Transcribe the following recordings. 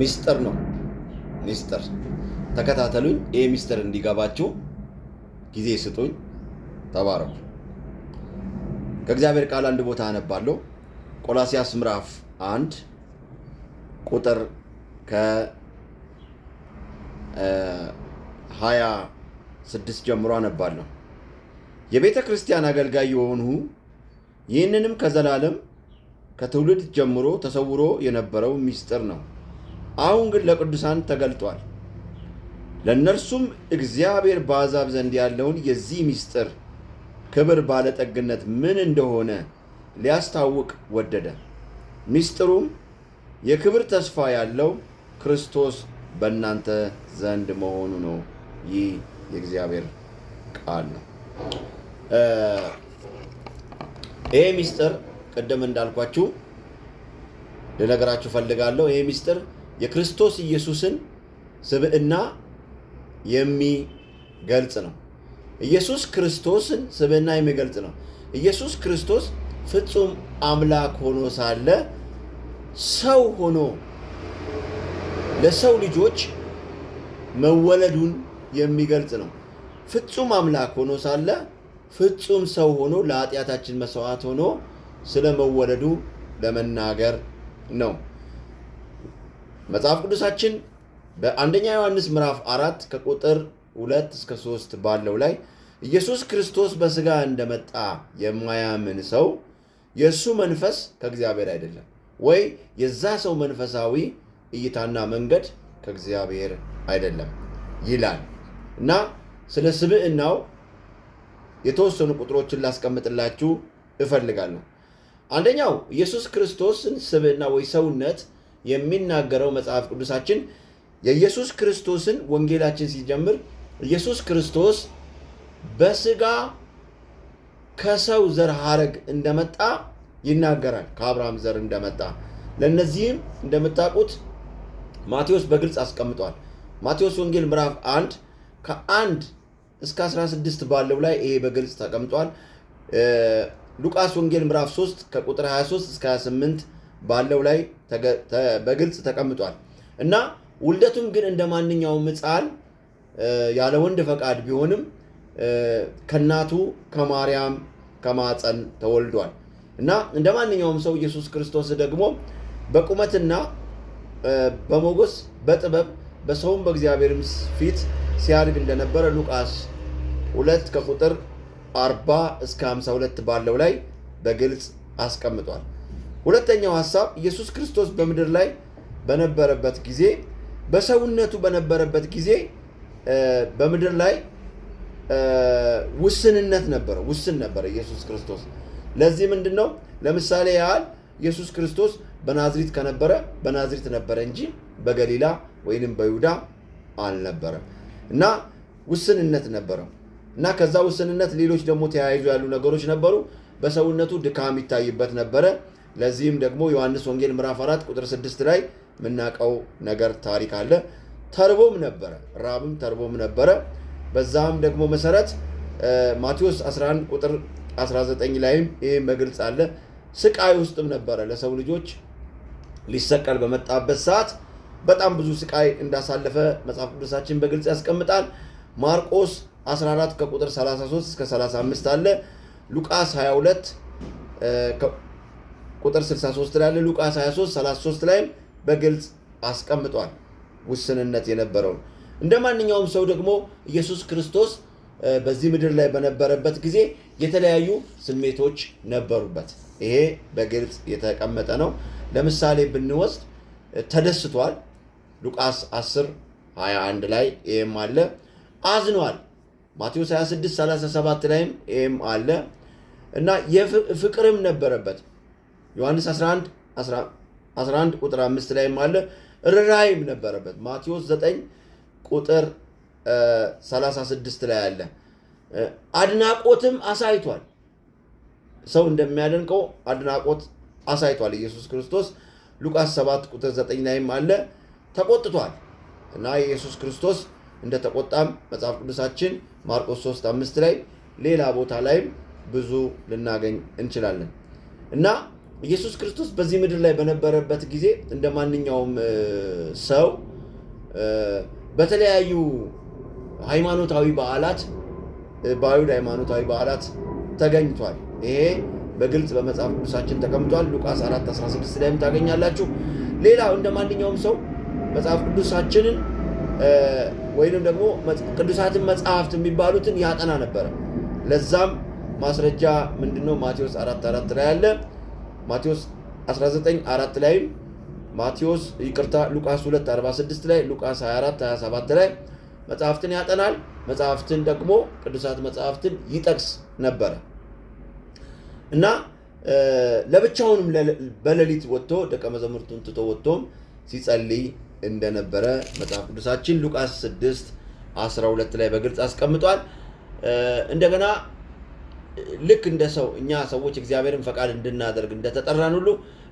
ሚስጥር ነው። ሚስጥር ተከታተሉኝ። ይህ ሚስጥር እንዲገባችሁ ጊዜ ስጡኝ። ተባረኩ። ከእግዚአብሔር ቃል አንድ ቦታ አነባለሁ። ቆላሲያስ ምዕራፍ አንድ ቁጥር ከሀያ ስድስት ጀምሮ አነባለሁ። የቤተ ክርስቲያን አገልጋይ የሆንሁ ይህንንም ከዘላለም ከትውልድ ጀምሮ ተሰውሮ የነበረው ሚስጥር ነው አሁን ግን ለቅዱሳን ተገልጧል። ለእነርሱም እግዚአብሔር በአሕዛብ ዘንድ ያለውን የዚህ ምስጢር ክብር ባለጠግነት ምን እንደሆነ ሊያስታውቅ ወደደ። ምስጢሩም የክብር ተስፋ ያለው ክርስቶስ በእናንተ ዘንድ መሆኑ ነው። ይህ የእግዚአብሔር ቃል ነው። ይሄ ምስጢር ቅድም እንዳልኳችሁ ልነግራችሁ ፈልጋለሁ። ይሄ ምስጢር የክርስቶስ ኢየሱስን ስብዕና የሚገልጽ ነው። ኢየሱስ ክርስቶስን ስብዕና የሚገልጽ ነው። ኢየሱስ ክርስቶስ ፍጹም አምላክ ሆኖ ሳለ ሰው ሆኖ ለሰው ልጆች መወለዱን የሚገልጽ ነው። ፍጹም አምላክ ሆኖ ሳለ ፍጹም ሰው ሆኖ ለኃጢአታችን መስዋዕት ሆኖ ስለ መወለዱ ለመናገር ነው። መጽሐፍ ቅዱሳችን በአንደኛ ዮሐንስ ምዕራፍ አራት ከቁጥር ሁለት እስከ ሶስት ባለው ላይ ኢየሱስ ክርስቶስ በሥጋ እንደመጣ የማያምን ሰው የእሱ መንፈስ ከእግዚአብሔር አይደለም፣ ወይ የዛ ሰው መንፈሳዊ እይታና መንገድ ከእግዚአብሔር አይደለም ይላል እና ስለ ስብዕናው የተወሰኑ ቁጥሮችን ላስቀምጥላችሁ እፈልጋለሁ። አንደኛው ኢየሱስ ክርስቶስን ስብዕና ወይ ሰውነት የሚናገረው መጽሐፍ ቅዱሳችን የኢየሱስ ክርስቶስን ወንጌላችን ሲጀምር ኢየሱስ ክርስቶስ በስጋ ከሰው ዘር ሀረግ እንደመጣ ይናገራል። ከአብርሃም ዘር እንደመጣ ለእነዚህም እንደምታውቁት ማቴዎስ በግልጽ አስቀምጧል። ማቴዎስ ወንጌል ምዕራፍ 1 ከአንድ እስከ 16 ባለው ላይ ይሄ በግልጽ ተቀምጧል። ሉቃስ ወንጌል ምዕራፍ 3 ከቁጥር 23 እስከ 28 ባለው ላይ በግልጽ ተቀምጧል እና ውልደቱም ግን እንደ ማንኛውም ሕፃን ያለ ወንድ ፈቃድ ቢሆንም ከእናቱ ከማርያም ከማፀን ተወልዷል እና እንደ ማንኛውም ሰው ኢየሱስ ክርስቶስ ደግሞ በቁመትና በሞገስ በጥበብ በሰውም በእግዚአብሔርም ፊት ሲያድግ እንደነበረ ሉቃስ ሁለት ከቁጥር 40 እስከ 52 ባለው ላይ በግልጽ አስቀምጧል። ሁለተኛው ሀሳብ ኢየሱስ ክርስቶስ በምድር ላይ በነበረበት ጊዜ በሰውነቱ በነበረበት ጊዜ በምድር ላይ ውስንነት ነበረ፣ ውስን ነበረ ኢየሱስ ክርስቶስ። ለዚህ ምንድን ነው? ለምሳሌ ያህል ኢየሱስ ክርስቶስ በናዝሪት ከነበረ በናዝሪት ነበረ እንጂ በገሊላ ወይንም በይሁዳ አልነበረም እና ውስንነት ነበረው እና ከዛ ውስንነት ሌሎች ደግሞ ተያይዞ ያሉ ነገሮች ነበሩ። በሰውነቱ ድካም ይታይበት ነበረ። ለዚህም ደግሞ ዮሐንስ ወንጌል ምዕራፍ 4 ቁጥር 6 ላይ የምናውቀው ነገር ታሪክ አለ። ተርቦም ነበረ፣ ራብም ተርቦም ነበረ። በዛም ደግሞ መሰረት ማቴዎስ 11 ቁጥር 19 ላይም ይህም በግልጽ አለ። ስቃይ ውስጥም ነበረ። ለሰው ልጆች ሊሰቀል በመጣበት ሰዓት በጣም ብዙ ስቃይ እንዳሳለፈ መጽሐፍ ቅዱሳችን በግልጽ ያስቀምጣል። ማርቆስ 14 ከቁጥር 33 እስከ 35 አለ። ሉቃስ 22 ቁጥር 63 ላይ ሉቃስ 23 33 ላይም በግልጽ አስቀምጧል ውስንነት የነበረውን። እንደ ማንኛውም ሰው ደግሞ ኢየሱስ ክርስቶስ በዚህ ምድር ላይ በነበረበት ጊዜ የተለያዩ ስሜቶች ነበሩበት። ይሄ በግልጽ የተቀመጠ ነው። ለምሳሌ ብንወስድ ተደስቷል፣ ሉቃስ 10 21 ላይ ይህም አለ። አዝኗል፣ ማቴዎስ 26 37 ላይም ይህም አለ እና ፍቅርም ነበረበት ዮሐንስ 11 11 ቁጥር 5 ላይም አለ ርራይም ነበረበት። ማቴዎስ 9 ቁጥር 36 ላይ አለ አድናቆትም አሳይቷል። ሰው እንደሚያደንቀው አድናቆት አሳይቷል ኢየሱስ ክርስቶስ ሉቃስ 7 ቁጥር 9 ላይም አለ ተቆጥቷል እና ኢየሱስ ክርስቶስ እንደ ተቆጣም መጽሐፍ ቅዱሳችን ማርቆስ 3 5 ላይ ሌላ ቦታ ላይም ብዙ ልናገኝ እንችላለን እና ኢየሱስ ክርስቶስ በዚህ ምድር ላይ በነበረበት ጊዜ እንደ ማንኛውም ሰው በተለያዩ ሃይማኖታዊ በዓላት በአይሁድ ሃይማኖታዊ በዓላት ተገኝቷል። ይሄ በግልጽ በመጽሐፍ ቅዱሳችን ተቀምጧል። ሉቃስ 4 16 ላይም ታገኛላችሁ። ሌላው እንደ ማንኛውም ሰው መጽሐፍ ቅዱሳችንን ወይንም ደግሞ ቅዱሳትን መጽሐፍት የሚባሉትን ያጠና ነበረ። ለዛም ማስረጃ ምንድነው? ማቴዎስ 4 4 ላይ ያለ ማቴዎስ 19 አራት ላይም ማቴዎስ ይቅርታ ሉቃስ 2 46 ላይ ሉቃስ 24 27 ላይ መጽሐፍትን ያጠናል። መጽሐፍትን ደግሞ ቅዱሳት መጽሐፍትን ይጠቅስ ነበረ እና ለብቻውንም በሌሊት ወጥቶ ደቀ መዛሙርቱን ትቶ ወጥቶም ሲጸልይ እንደነበረ መጽሐፍ ቅዱሳችን ሉቃስ 6 12 ላይ በግልጽ አስቀምጧል። እንደገና ልክ እንደ ሰው እኛ ሰዎች እግዚአብሔርን ፈቃድ እንድናደርግ እንደተጠራን ሁሉ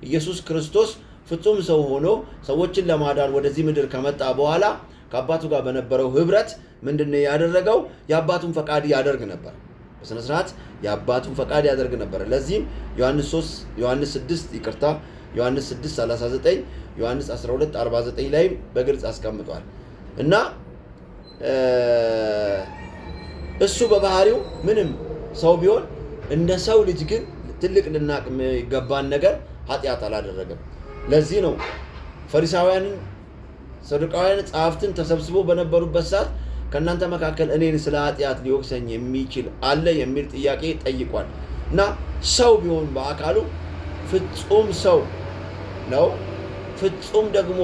ኢየሱስ ክርስቶስ ፍጹም ሰው ሆኖ ሰዎችን ለማዳን ወደዚህ ምድር ከመጣ በኋላ ከአባቱ ጋር በነበረው ህብረት ምንድነው ያደረገው? የአባቱን ፈቃድ ያደርግ ነበር። በስነ ስርዓት የአባቱን ፈቃድ ያደርግ ነበር። ለዚህም ዮሐንስ 3 ዮሐንስ 6 ይቅርታ ዮሐንስ 6 39 ዮሐንስ 12 49 ላይ በግልጽ አስቀምጧል እና እሱ በባህሪው ምንም ሰው ቢሆን እንደ ሰው ልጅ ግን ትልቅ ልናቅ የሚገባን ነገር ኃጢአት አላደረገም። ለዚህ ነው ፈሪሳውያንን ሰዱቃውያን ጸሐፍትን ተሰብስቦ በነበሩበት ሰዓት ከእናንተ መካከል እኔን ስለ ኃጢአት ሊወቅሰኝ የሚችል አለ የሚል ጥያቄ ጠይቋል። እና ሰው ቢሆን በአካሉ ፍጹም ሰው ነው፣ ፍጹም ደግሞ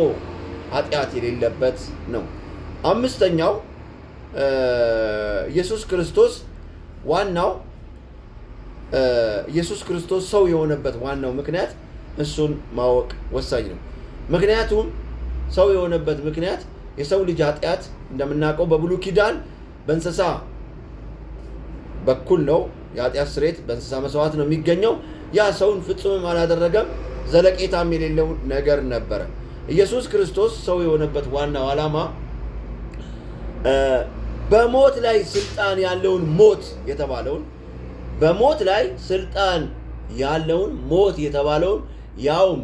ኃጢአት የሌለበት ነው። አምስተኛው ኢየሱስ ክርስቶስ ዋናው ኢየሱስ ክርስቶስ ሰው የሆነበት ዋናው ምክንያት እሱን ማወቅ ወሳኝ ነው። ምክንያቱም ሰው የሆነበት ምክንያት የሰው ልጅ ኃጢአት እንደምናውቀው በብሉይ ኪዳን በእንስሳ በኩል ነው። የኃጢአት ስርየት በእንስሳ መስዋዕት ነው የሚገኘው። ያ ሰውን ፍጹምም አላደረገም፣ ዘለቄታም የሌለው ነገር ነበረ። ኢየሱስ ክርስቶስ ሰው የሆነበት ዋናው ዓላማ በሞት ላይ ስልጣን ያለውን ሞት የተባለውን በሞት ላይ ስልጣን ያለውን ሞት የተባለውን ያውም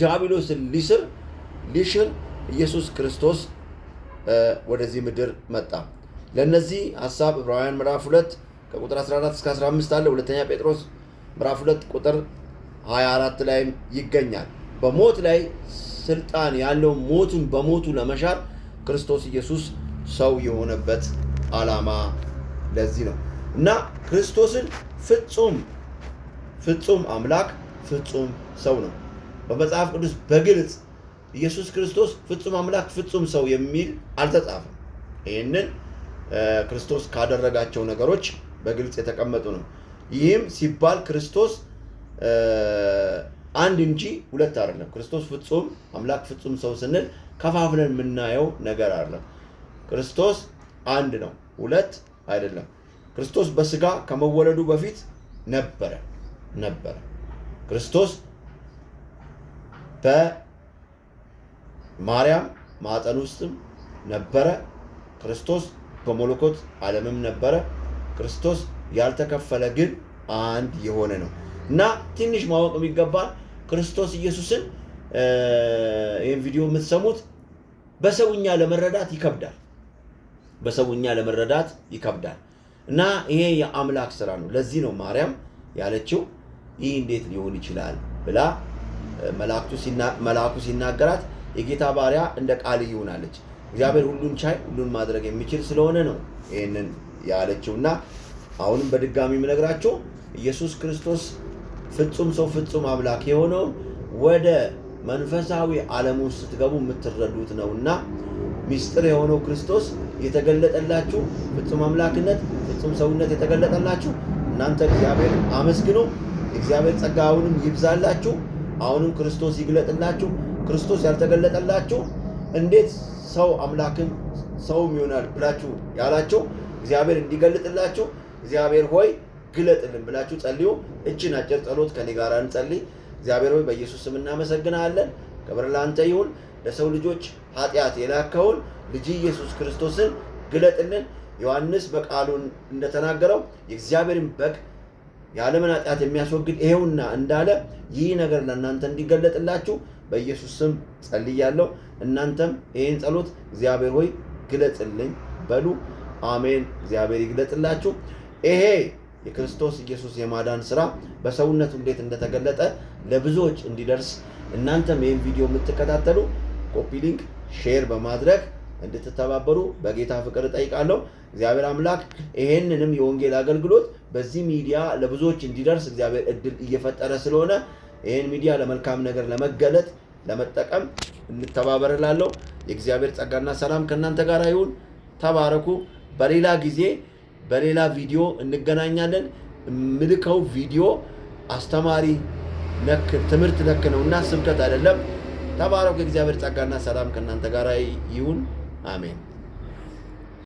ዲያብሎስን ሊስር ሊሽር ኢየሱስ ክርስቶስ ወደዚህ ምድር መጣ። ለእነዚህ ሀሳብ ዕብራውያን ምዕራፍ 2 ከቁጥር 14 እስከ 15 አለ። ሁለተኛ ጴጥሮስ ምዕራፍ 2 ቁጥር 24 ላይም ይገኛል። በሞት ላይ ስልጣን ያለውን ሞቱን በሞቱ ለመሻር ክርስቶስ ኢየሱስ ሰው የሆነበት ዓላማ ለዚህ ነው እና ክርስቶስን ፍጹም ፍጹም አምላክ ፍጹም ሰው ነው። በመጽሐፍ ቅዱስ በግልጽ ኢየሱስ ክርስቶስ ፍጹም አምላክ ፍጹም ሰው የሚል አልተጻፈም። ይህንን ክርስቶስ ካደረጋቸው ነገሮች በግልጽ የተቀመጡ ነው። ይህም ሲባል ክርስቶስ አንድ እንጂ ሁለት አይደለም። ክርስቶስ ፍጹም አምላክ ፍጹም ሰው ስንል ከፋፍለን የምናየው ነገር አይደለም። ክርስቶስ አንድ ነው፣ ሁለት አይደለም። ክርስቶስ በስጋ ከመወለዱ በፊት ነበረ ነበረ። ክርስቶስ በማርያም ማጠን ውስጥም ነበረ። ክርስቶስ በመለኮት ዓለምም ነበረ። ክርስቶስ ያልተከፈለ ግን አንድ የሆነ ነው እና ትንሽ ማወቅ የሚገባል ክርስቶስ ኢየሱስን ይህን ቪዲዮ የምትሰሙት በሰውኛ ለመረዳት ይከብዳል። በሰውኛ ለመረዳት ይከብዳል እና ይሄ የአምላክ ስራ ነው። ለዚህ ነው ማርያም ያለችው ይህ እንዴት ሊሆን ይችላል ብላ መልአኩ ሲናገራት የጌታ ባሪያ እንደ ቃል ይሆናለች። እግዚአብሔር ሁሉን ቻይ፣ ሁሉን ማድረግ የሚችል ስለሆነ ነው ይህንን ያለችው እና አሁንም በድጋሚ የምነግራቸው ኢየሱስ ክርስቶስ ፍጹም ሰው ፍጹም አምላክ የሆነው ወደ መንፈሳዊ ዓለም ውስጥ ስትገቡ የምትረዱት ነውና ሚስጥር የሆነው ክርስቶስ የተገለጠላችሁ ፍጹም አምላክነት ፍጹም ሰውነት የተገለጠላችሁ እናንተ እግዚአብሔር አመስግኖ እግዚአብሔር ጸጋ አሁንም ይብዛላችሁ፣ አሁንም ክርስቶስ ይግለጥላችሁ። ክርስቶስ ያልተገለጠላችሁ እንዴት ሰው አምላክም ሰውም ይሆናል ብላችሁ ያላችሁ እግዚአብሔር እንዲገልጥላችሁ እግዚአብሔር ሆይ ግለጥልን ብላችሁ ጸልዩ። እችን አጭር ጸሎት ከኔ ጋር እንጸልይ። እግዚአብሔር ሆይ በኢየሱስ ስም እናመሰግናለን። ክብር ለአንተ ይሁን። ለሰው ልጆች ኃጢአት የላከውን ልጅ ኢየሱስ ክርስቶስን ግለጥልን። ዮሐንስ በቃሉ እንደተናገረው የእግዚአብሔርን በግ የዓለምን ኃጢአት የሚያስወግድ ይሄውና እንዳለ ይህ ነገር ለእናንተ እንዲገለጥላችሁ በኢየሱስ ስም ጸልያለሁ። እናንተም ይህን ጸሎት እግዚአብሔር ሆይ ግለጽልኝ በሉ። አሜን። እግዚአብሔር ይግለጥላችሁ። ይሄ የክርስቶስ ኢየሱስ የማዳን ስራ በሰውነቱ እንዴት እንደተገለጠ ለብዙዎች እንዲደርስ እናንተም ይህን ቪዲዮ የምትከታተሉ ኮፒ ሊንክ ሼር በማድረግ እንድትተባበሩ በጌታ ፍቅር እጠይቃለሁ። እግዚአብሔር አምላክ ይሄንንም የወንጌል አገልግሎት በዚህ ሚዲያ ለብዙዎች እንዲደርስ እግዚአብሔር እድል እየፈጠረ ስለሆነ ይህን ሚዲያ ለመልካም ነገር ለመገለጥ ለመጠቀም እንተባበርላለሁ። የእግዚአብሔር ጸጋና ሰላም ከእናንተ ጋር ይሁን። ተባረኩ። በሌላ ጊዜ በሌላ ቪዲዮ እንገናኛለን። ምልከው ቪዲዮ አስተማሪ ነክ ትምህርት ነክ ነው እና ስብከት አይደለም። ተባረኩ። እግዚአብሔር ጸጋና ሰላም ከእናንተ ጋር ይሁን። አሜን።